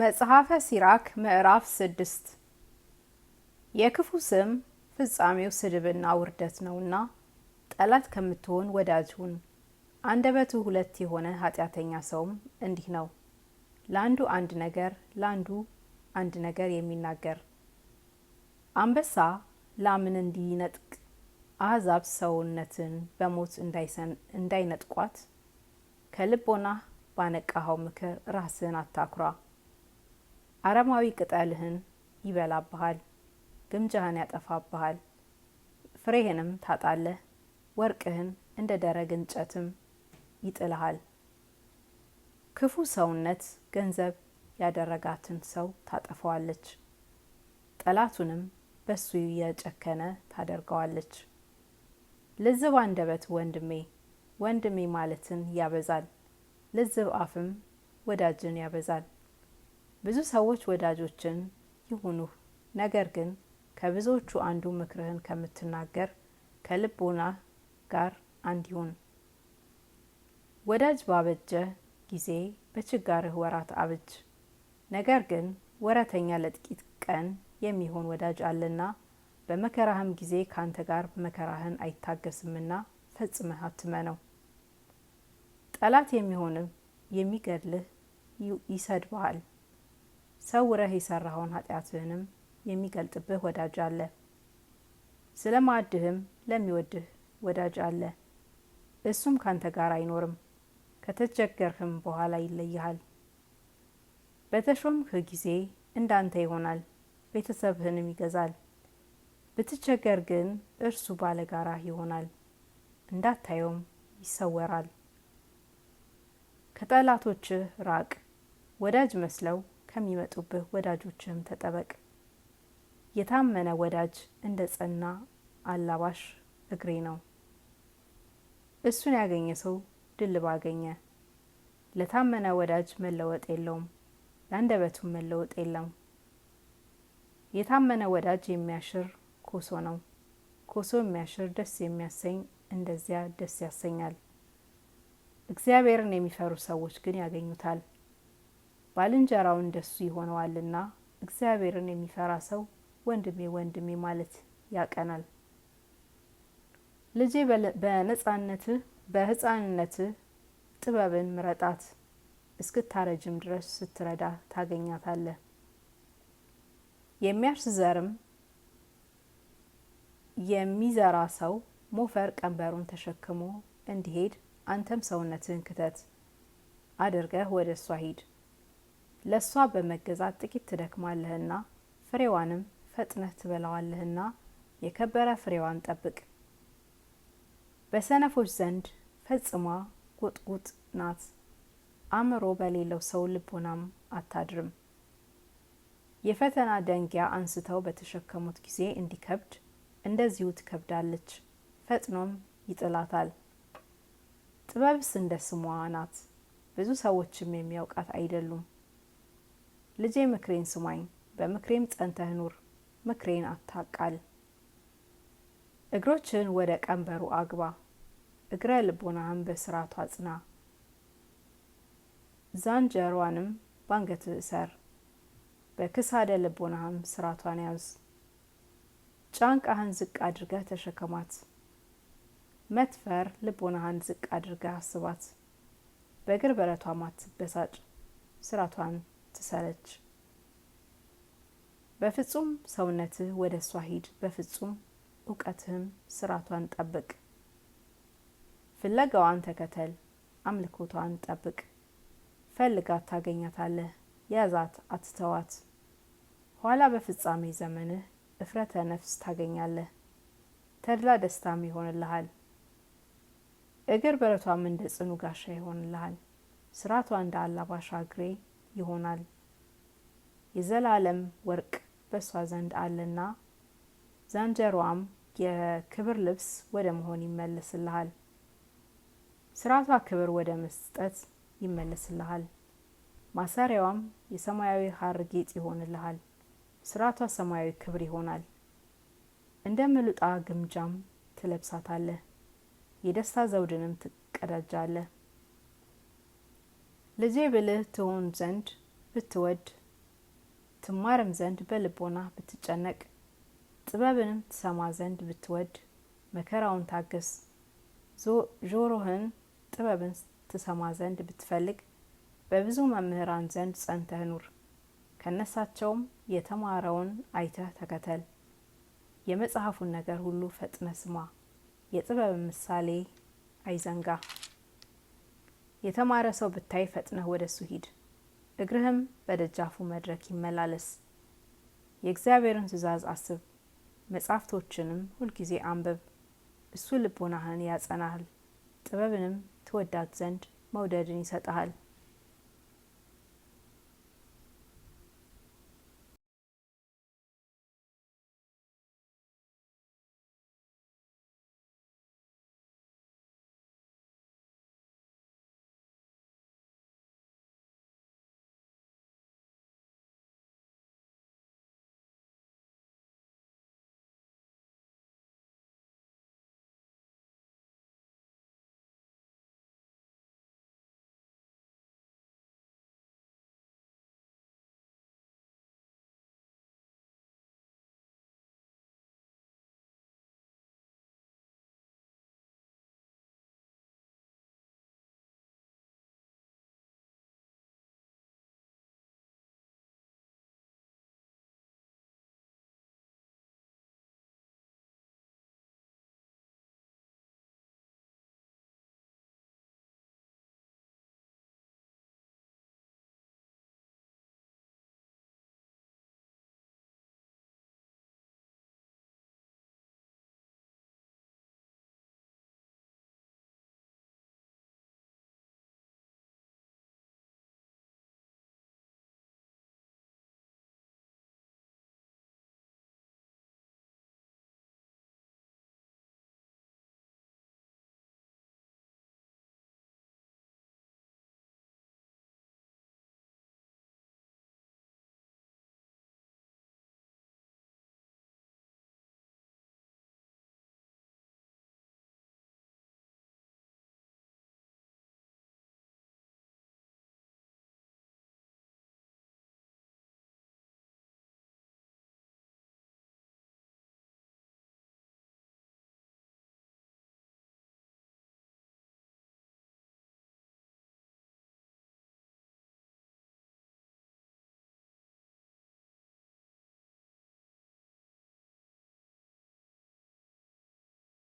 መጽሐፈ ሲራክ ምዕራፍ ስድስት የክፉ ስም ፍጻሜው ስድብና ውርደት ነውና ጠላት ከምትሆን ወዳጅ ሁን። አንደበቱ ሁለት የሆነ ኃጢአተኛ ሰውም እንዲህ ነው፣ ለአንዱ አንድ ነገር፣ ለአንዱ አንድ ነገር የሚናገር አንበሳ ላምን እንዲነጥቅ አሕዛብ ሰውነትን በሞት እንዳይነጥቋት ከልቦና ባነቃኸው ምክር ራስህን አታኩራ። አረማዊ ቅጠልህን ይበላብሃል፣ ግምጃህን ያጠፋብሃል፣ ፍሬህንም ታጣለህ፣ ወርቅህን እንደ ደረግ እንጨትም ይጥልሃል። ክፉ ሰውነት ገንዘብ ያደረጋትን ሰው ታጠፈዋለች፣ ጠላቱንም በሱ የጨከነ ታደርገዋለች። ልዝብ አንደበት ወንድሜ ወንድሜ ማለትን ያበዛል፣ ልዝብ አፍም ወዳጅን ያበዛል። ብዙ ሰዎች ወዳጆችን ይሁኑህ፣ ነገር ግን ከብዙዎቹ አንዱ ምክርህን ከምትናገር ከልቦና ጋር አንድ ይሁን። ወዳጅ ባበጀ ጊዜ በችጋርህ ወራት አብጅ። ነገር ግን ወረተኛ ለጥቂት ቀን የሚሆን ወዳጅ አለና በመከራህም ጊዜ ካንተ ጋር መከራህን አይታገስምና ፈጽመህ አትመነው። ጠላት የሚሆንም የሚገድልህ ይሰድብሃል። ሰውረህ የሰራኸውን ኃጢአትህንም የሚገልጥብህ ወዳጅ አለ። ስለ ማዕድህም ለሚወድህ ወዳጅ አለ። እሱም ካንተ ጋር አይኖርም፣ ከተቸገርህም በኋላ ይለይሃል። በተሾምህ ጊዜ እንዳንተ ይሆናል፣ ቤተሰብህንም ይገዛል። ብትቸገር ግን እርሱ ባለጋራህ ይሆናል፣ እንዳታየውም ይሰወራል። ከጠላቶችህ ራቅ፣ ወዳጅ መስለው ከሚመጡብህ ወዳጆችህም ተጠበቅ። የታመነ ወዳጅ እንደ ጸና አላባሽ እግሬ ነው። እሱን ያገኘ ሰው ድል ባገኘ። ለታመነ ወዳጅ መለወጥ የለውም፣ ለአንደበቱም መለወጥ የለም። የታመነ ወዳጅ የሚያሽር ኮሶ ነው። ኮሶ የሚያሽር ደስ የሚያሰኝ እንደዚያ ደስ ያሰኛል። እግዚአብሔርን የሚፈሩ ሰዎች ግን ያገኙታል። ባልንጀራው እንደሱ ይሆነዋልና እግዚአብሔርን የሚፈራ ሰው ወንድሜ ወንድሜ ማለት ያቀናል። ልጄ በነጻነት በህፃንነት ጥበብን ምረጣት እስክታረጅም ድረስ ስትረዳ ታገኛታለህ። የሚያርስ ዘርም የሚዘራ ሰው ሞፈር ቀንበሩን ተሸክሞ እንዲሄድ አንተም ሰውነትህን ክተት አድርገህ ወደ እሷ ሂድ። ለእሷ በመገዛት ጥቂት ትደክማለህና ፍሬዋንም ፈጥነህ ትበላዋለህና የከበረ ፍሬዋን ጠብቅ። በሰነፎች ዘንድ ፈጽማ ጉጥጉጥ ናት፣ አእምሮ በሌለው ሰው ልቦናም አታድርም። የፈተና ደንጊያ አንስተው በተሸከሙት ጊዜ እንዲከብድ እንደዚሁ ትከብዳለች፣ ፈጥኖም ይጥላታል። ጥበብስ እንደ ስሟ ናት፣ ብዙ ሰዎችም የሚያውቃት አይደሉም። ልጄ ምክሬን ስማኝ፣ በምክሬም ጸንተህ ኑር፣ ምክሬን አታቃል። እግሮችን ወደ ቀንበሩ አግባ፣ እግረ ልቦናህን በስርዓቱ አጽና፣ ዛንጀሯንም ባንገት እሰር፣ በክሳደ ልቦናህም ስርዓቷን ያዝ። ጫንቃህን ዝቅ አድርገህ ተሸከማት፣ መትፈር ልቦናህን ዝቅ አድርገህ አስባት። በእግር በረቷም አትበሳጭ፣ ስርዓቷን ትሰረች። በፍጹም ሰውነትህ ወደ እሷ ሂድ፣ በፍጹም እውቀትህም ስርዓቷን ጠብቅ። ፍለጋዋን ተከተል፣ አምልኮቷን ጠብቅ። ፈልጋት ታገኛታለህ፣ ያዛት አትተዋት። ኋላ በፍጻሜ ዘመንህ እፍረተ ነፍስ ታገኛለህ፣ ተድላ ደስታም ይሆንልሃል። እግር በረቷም እንደ ጽኑ ጋሻ ይሆንልሃል። ስርዓቷ እንደ አላባሻ ሻግሬ ይሆናል። የዘላለም ወርቅ በእሷ ዘንድ አለና ዛንጀሯም የክብር ልብስ ወደ መሆን ይመለስልሃል። ስርዓቷ ክብር ወደ መስጠት ይመለስልሃል። ማሰሪያዋም የሰማያዊ ሐር ጌጥ ይሆንልሃል። ስርዓቷ ሰማያዊ ክብር ይሆናል። እንደ ምሉጣ ግምጃም ትለብሳታለህ። የደስታ ዘውድንም ትቀዳጃለህ። ልጄ ብልህ ትሆን ዘንድ ብትወድ ትማርም ዘንድ በልቦና ብትጨነቅ ጥበብንም ትሰማ ዘንድ ብትወድ መከራውን ታገስ። ጆሮህን ጥበብን ትሰማ ዘንድ ብትፈልግ በብዙ መምህራን ዘንድ ጸንተህ ኑር። ከነሳቸውም የተማረውን አይተህ ተከተል። የመጽሐፉን ነገር ሁሉ ፈጥነ ስማ፣ የጥበብን ምሳሌ አይዘንጋ። የተማረ ሰው ብታይ ፈጥነህ ወደ እሱ ሂድ፣ እግርህም በደጃፉ መድረክ ይመላለስ። የእግዚአብሔርን ትእዛዝ አስብ፣ መጻሕፍቶችንም ሁልጊዜ አንብብ። እሱ ልቦናህን ያጸናሃል፣ ጥበብንም ትወዳት ዘንድ መውደድን ይሰጠሃል።